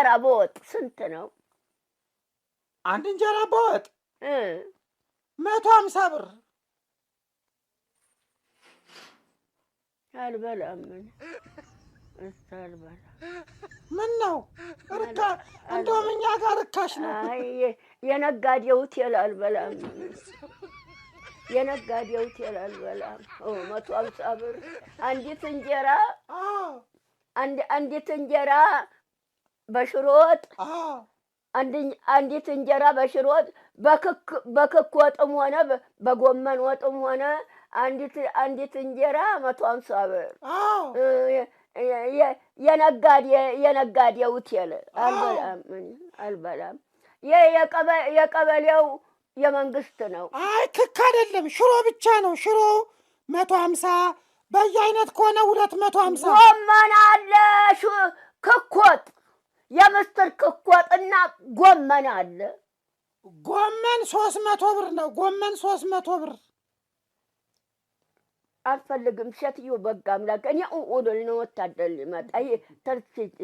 እንጀራ በወጥ ስንት ነው? አንድ እንጀራ በወጥ መቶ ሀምሳ ብር። አልበላም ምን ነው እንደውም እኛ ጋር ርካሽ ነው። የነጋዴ ሆቴል አልበላም። የነጋዴ ሆቴል አልበላም። መቶ አምሳ ብር አንዲት እንጀራ አንዲት እንጀራ በሽሮ ወጥ አንዲት እንጀራ በሽሮ ወጥ በክክ ወጥም ሆነ በጎመን ወጥም ሆነ አንዲት አንዲት እንጀራ መቶ አምሳ ብር የነጋዴ የነጋዴ ውቴል አልበላም አልበላም። የቀበሌው የመንግስት ነው። አይ ክክ አይደለም፣ ሽሮ ብቻ ነው። ሽሮ መቶ አምሳ በየአይነት ከሆነ ሁለት መቶ አምሳ ጎመን የምስር ክኮጥና ጎመን አለ። ጎመን ሶስት መቶ ብር ነው። ጎመን ሶስት መቶ ብር አልፈልግም። ሴትዮ በጋ አምላክ እኔ ኡኡልል ነው ወታደር ሊመጣ ይሄ ተርሲጭ